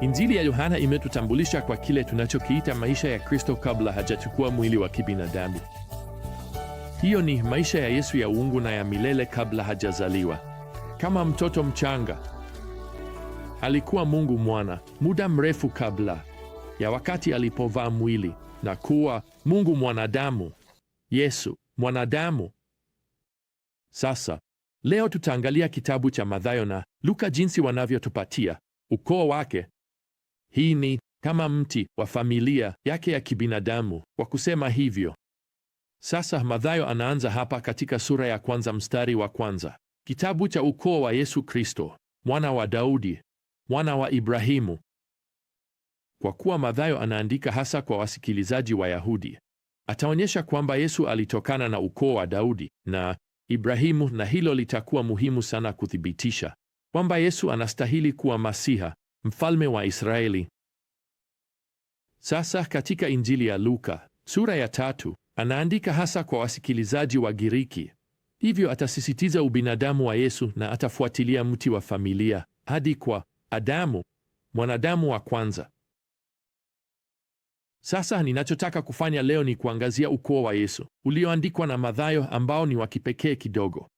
Injili ya Yohana imetutambulisha kwa kile tunachokiita maisha ya Kristo kabla hajachukua mwili wa kibinadamu. Hiyo ni maisha ya Yesu ya uungu na ya milele kabla hajazaliwa. Kama mtoto mchanga, alikuwa Mungu Mwana muda mrefu kabla ya wakati alipovaa mwili na kuwa Mungu mwanadamu, Yesu mwanadamu. Sasa leo tutaangalia kitabu cha Mathayo na Luka jinsi wanavyotupatia ukoo wake hii ni kama mti wa familia yake ya kibinadamu kwa kusema hivyo. Sasa Mathayo anaanza hapa katika sura ya kwanza mstari wa kwanza: kitabu cha ukoo wa Yesu Kristo, mwana wa Daudi, mwana wa Ibrahimu. Kwa kuwa Mathayo anaandika hasa kwa wasikilizaji Wayahudi, ataonyesha kwamba Yesu alitokana na ukoo wa Daudi na Ibrahimu, na hilo litakuwa muhimu sana kuthibitisha kwamba Yesu anastahili kuwa Masiha mfalme wa Israeli. Sasa katika Injili ya Luka sura ya tatu anaandika hasa kwa wasikilizaji wa Giriki. Hivyo atasisitiza ubinadamu wa Yesu na atafuatilia mti wa familia hadi kwa Adamu, mwanadamu wa kwanza. Sasa ninachotaka kufanya leo ni kuangazia ukoo wa Yesu ulioandikwa na Mathayo ambao ni wa kipekee kidogo.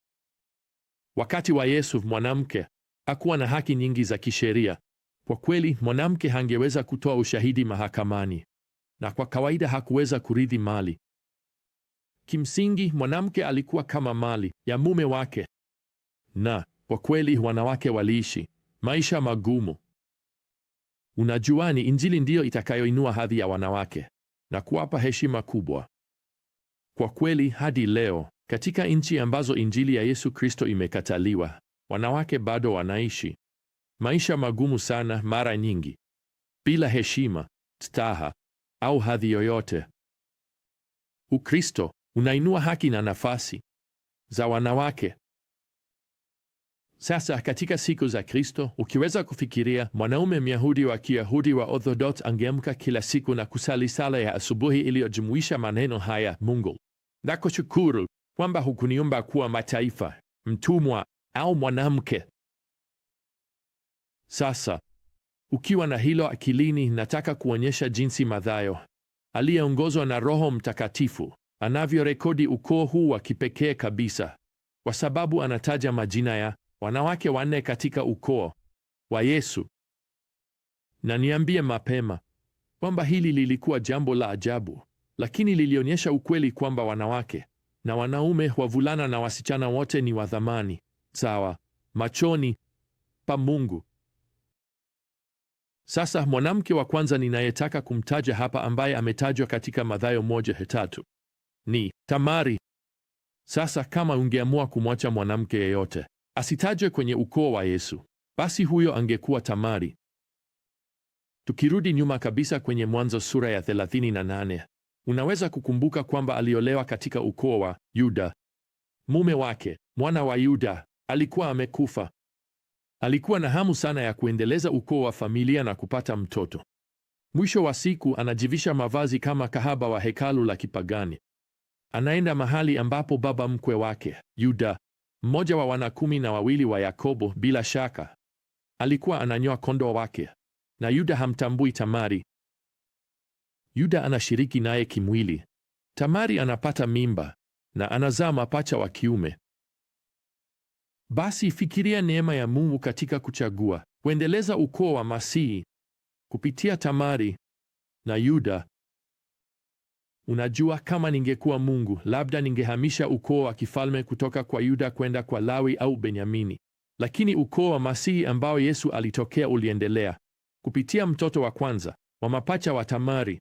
Wakati wa Yesu, mwanamke hakuwa na haki nyingi za kisheria kwa kweli mwanamke hangeweza kutoa ushahidi mahakamani na kwa kawaida hakuweza kurithi mali. Kimsingi mwanamke alikuwa kama mali ya mume wake, na kwa kweli wanawake waliishi maisha magumu. Unajua, ni Injili ndiyo itakayoinua hadhi ya wanawake na kuwapa heshima kubwa. Kwa kweli hadi leo katika nchi ambazo Injili ya Yesu Kristo imekataliwa, wanawake bado wanaishi maisha magumu sana mara nyingi, bila heshima, staha au hadhi yoyote. Ukristo unainua haki na nafasi za wanawake. Sasa katika siku za Kristo, ukiweza kufikiria mwanaume Myahudi wa Kiyahudi wa Orthodox angeamka kila siku na kusali sala ya asubuhi iliyojumuisha maneno haya: Mungu, nakushukuru kwamba hukuniumba kuwa mataifa, mtumwa au mwanamke. Sasa ukiwa na hilo akilini, nataka kuonyesha jinsi Mathayo aliyeongozwa na Roho Mtakatifu anavyorekodi ukoo huu wa kipekee kabisa, kwa sababu anataja majina ya wanawake wanne katika ukoo wa Yesu. Na niambie mapema kwamba hili lilikuwa jambo la ajabu, lakini lilionyesha ukweli kwamba wanawake na wanaume, wavulana na wasichana, wote ni wa thamani sawa machoni pa Mungu. Sasa mwanamke wa kwanza ninayetaka kumtaja hapa ambaye ametajwa katika Mathayo moja hetatu ni Tamari. Sasa kama ungeamua kumwacha mwanamke yeyote asitajwe kwenye ukoo wa Yesu, basi huyo angekuwa Tamari. Tukirudi nyuma kabisa kwenye Mwanzo sura ya 38, unaweza kukumbuka kwamba aliolewa katika ukoo wa Yuda. Mume wake, mwana wa Yuda, alikuwa amekufa Alikuwa na hamu sana ya kuendeleza ukoo wa familia na kupata mtoto. Mwisho wa siku anajivisha mavazi kama kahaba wa hekalu la kipagani. Anaenda mahali ambapo baba mkwe wake Yuda, mmoja wa wana kumi na wawili wa Yakobo, bila shaka alikuwa ananyoa kondoo wake, na Yuda hamtambui Tamari. Yuda anashiriki naye kimwili. Tamari anapata mimba na anazaa mapacha wa kiume. Basi fikiria neema ya Mungu katika kuchagua kuendeleza ukoo wa Masihi kupitia Tamari na Yuda. Unajua, kama ningekuwa Mungu, labda ningehamisha ukoo wa kifalme kutoka kwa Yuda kwenda kwa Lawi au Benyamini, lakini ukoo wa Masihi ambao Yesu alitokea uliendelea kupitia mtoto wa kwanza wa mapacha wa Tamari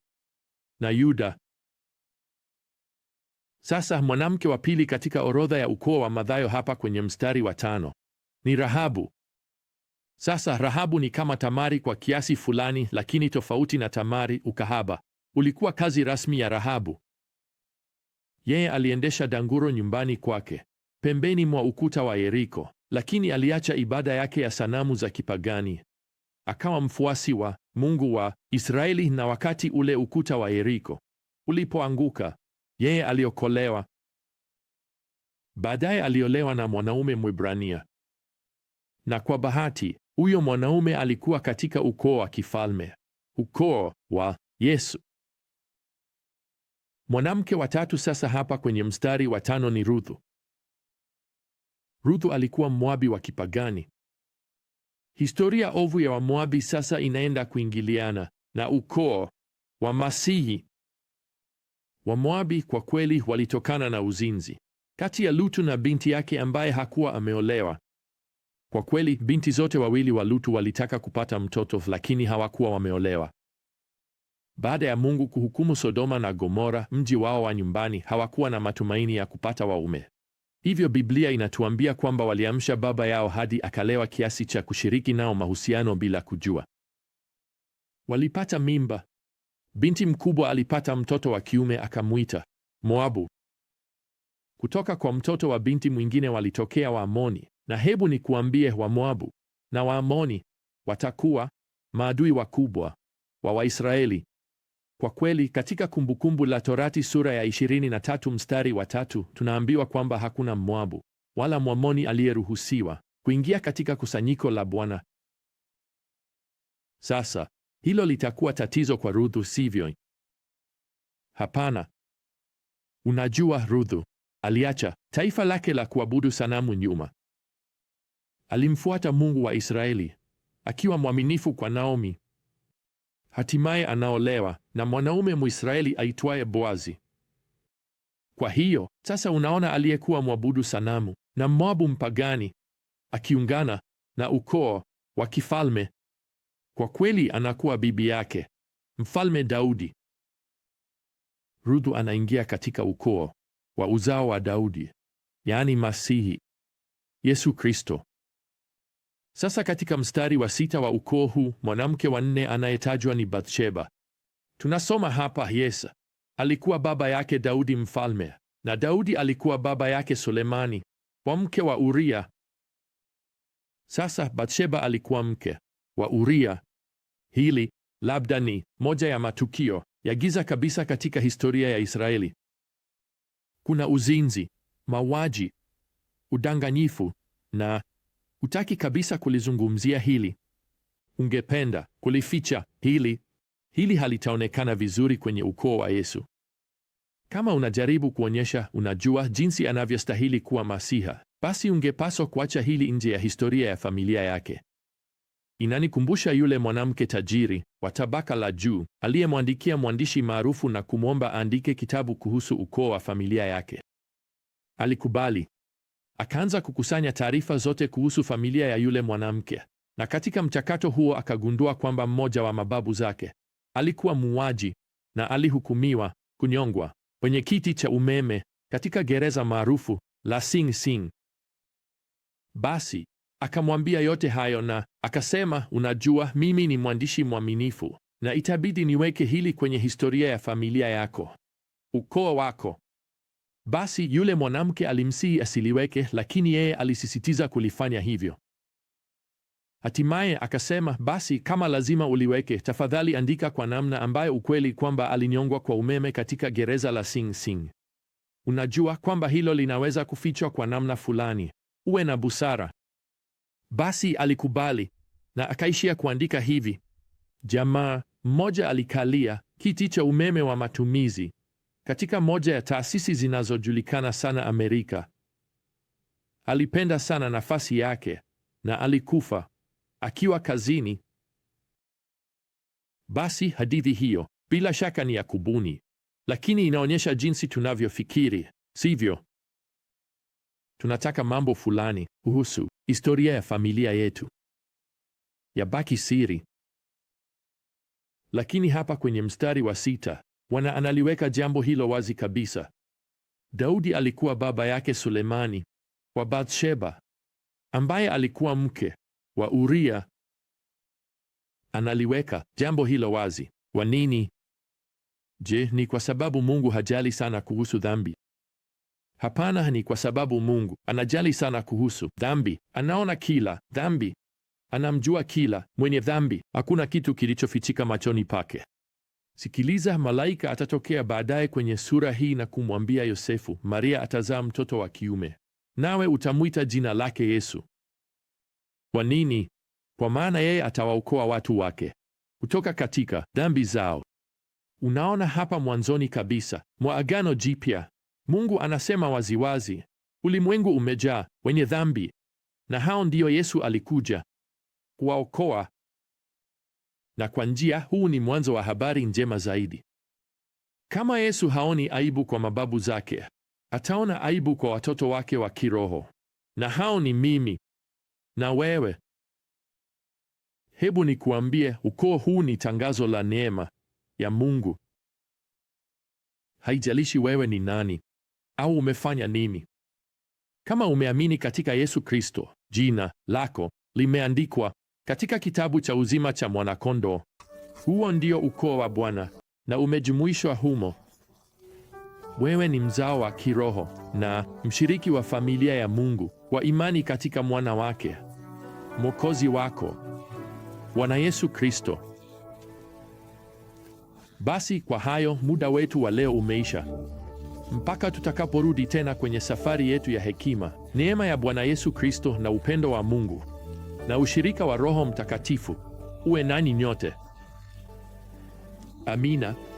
na Yuda. Sasa mwanamke wa pili katika orodha ya ukoo wa Mathayo hapa kwenye mstari wa tano ni Rahabu. Sasa Rahabu ni kama Tamari kwa kiasi fulani, lakini tofauti na Tamari, ukahaba ulikuwa kazi rasmi ya Rahabu. Yeye aliendesha danguro nyumbani kwake pembeni mwa ukuta wa Yeriko, lakini aliacha ibada yake ya sanamu za kipagani akawa mfuasi wa Mungu wa Israeli. Na wakati ule ukuta wa Yeriko ulipoanguka, yeye aliokolewa. Baadaye aliolewa na mwanaume Mwibrania, na kwa bahati huyo mwanaume alikuwa katika ukoo wa kifalme, ukoo wa Yesu. Mwanamke wa tatu sasa hapa kwenye mstari wa tano ni Ruthu. Ruthu alikuwa Mmoabi wa kipagani. Historia ovu ya wamwabi sasa inaenda kuingiliana na ukoo wa Masihi. Wamoabi kwa kweli walitokana na uzinzi kati ya Lutu na binti yake ambaye hakuwa ameolewa. Kwa kweli binti zote wawili wa Lutu walitaka kupata mtoto, lakini hawakuwa wameolewa. Baada ya Mungu kuhukumu Sodoma na Gomora, mji wao wa nyumbani, hawakuwa na matumaini ya kupata waume. Hivyo Biblia inatuambia kwamba waliamsha baba yao hadi akalewa kiasi cha kushiriki nao mahusiano bila kujua. Walipata mimba Binti mkubwa alipata mtoto wa kiume akamwita Moabu. Kutoka kwa mtoto wa binti mwingine walitokea Waamoni, na hebu nikuambie, Wamoabu na Waamoni watakuwa maadui wakubwa wa Waisraeli. Kwa kweli, katika Kumbukumbu la Torati sura ya 23 mstari wa tatu tunaambiwa kwamba hakuna Mmoabu wala Mwamoni aliyeruhusiwa kuingia katika kusanyiko la Bwana. Sasa hilo litakuwa tatizo kwa Ruthu, sivyo? Hapana. Unajua, Ruthu aliacha taifa lake la kuabudu sanamu nyuma. Alimfuata Mungu wa Israeli akiwa mwaminifu kwa Naomi. Hatimaye anaolewa na mwanaume Mwisraeli aitwaye Boazi. Kwa hiyo sasa unaona, aliyekuwa mwabudu sanamu na Moabu mpagani akiungana na ukoo wa kifalme kwa kweli anakuwa bibi yake Mfalme Daudi. Ruthu anaingia katika ukoo wa uzao wa Daudi, yaani Masihi Yesu Kristo. Sasa katika mstari wa sita wa ukoo huu, mwanamke wa nne anayetajwa ni Bathsheba. Tunasoma hapa, Yesa alikuwa baba yake Daudi mfalme, na Daudi alikuwa baba yake Sulemani kwa mke wa Uria. Sasa Bathsheba alikuwa mke wa Uria. Hili labda ni moja ya matukio ya giza kabisa katika historia ya Israeli. Kuna uzinzi, mauaji, udanganyifu na utaki kabisa kulizungumzia hili. Ungependa kulificha hili. Hili halitaonekana vizuri kwenye ukoo wa Yesu. Kama unajaribu kuonyesha unajua jinsi anavyostahili kuwa Masiha, basi ungepaswa kuacha hili nje ya historia ya familia yake. Inanikumbusha yule mwanamke tajiri wa tabaka la juu aliyemwandikia mwandishi maarufu na kumwomba aandike kitabu kuhusu ukoo wa familia yake. Alikubali, akaanza kukusanya taarifa zote kuhusu familia ya yule mwanamke, na katika mchakato huo akagundua kwamba mmoja wa mababu zake alikuwa muuaji na alihukumiwa kunyongwa kwenye kiti cha umeme katika gereza maarufu la Sing Sing. Basi Akamwambia yote hayo na akasema, unajua, mimi ni mwandishi mwaminifu na itabidi niweke hili kwenye historia ya familia yako, ukoo wako. Basi yule mwanamke alimsihi asiliweke, lakini yeye alisisitiza kulifanya hivyo. Hatimaye akasema, basi kama lazima uliweke, tafadhali andika kwa namna ambayo ukweli kwamba alinyongwa kwa umeme katika gereza la Sing Sing. Unajua kwamba hilo linaweza kufichwa kwa namna fulani. Uwe na busara. Basi alikubali na akaishia kuandika hivi: jamaa mmoja alikalia kiti cha umeme wa matumizi katika moja ya taasisi zinazojulikana sana Amerika. Alipenda sana nafasi yake na alikufa akiwa kazini. Basi hadithi hiyo bila shaka ni ya kubuni, lakini inaonyesha jinsi tunavyofikiri, sivyo? Tunataka mambo fulani kuhusu historia ya familia yetu yabaki siri. Lakini hapa kwenye mstari wa sita Bwana analiweka jambo hilo wazi kabisa. Daudi alikuwa baba yake Sulemani kwa Bathsheba, ambaye alikuwa mke wa Uria. Analiweka jambo hilo wazi. Kwa nini? Je, ni kwa sababu Mungu hajali sana kuhusu dhambi Hapana, ni kwa sababu Mungu anajali sana kuhusu dhambi. Anaona kila dhambi, anamjua kila mwenye dhambi. Hakuna kitu kilichofichika machoni pake. Sikiliza, malaika atatokea baadaye kwenye sura hii na kumwambia Yosefu, Maria atazaa mtoto wa kiume, nawe utamwita jina lake Yesu. Kwa nini? Kwa maana yeye atawaokoa watu wake kutoka katika dhambi zao. Unaona, hapa mwanzoni kabisa mwa Agano Jipya Mungu anasema waziwazi, ulimwengu umejaa wenye dhambi, na hao ndiyo Yesu alikuja kuwaokoa. Na kwa njia, huu ni mwanzo wa habari njema zaidi. Kama Yesu haoni aibu kwa mababu zake, ataona aibu kwa watoto wake wa kiroho, na hao ni mimi na wewe. Hebu nikuambie, ukoo huu ni tangazo la neema ya Mungu. Haijalishi wewe ni nani au umefanya nini? Kama umeamini katika Yesu Kristo, jina lako limeandikwa katika kitabu cha uzima cha mwanakondoo. Huo ndio ukoo wa Bwana na umejumuishwa humo. Wewe ni mzao wa kiroho na mshiriki wa familia ya Mungu kwa imani katika mwana wake mwokozi wako Bwana Yesu Kristo. Basi kwa hayo muda wetu wa leo umeisha mpaka tutakaporudi tena kwenye safari yetu ya hekima. Neema ya Bwana Yesu Kristo na upendo wa Mungu na ushirika wa Roho Mtakatifu uwe nani nyote. Amina.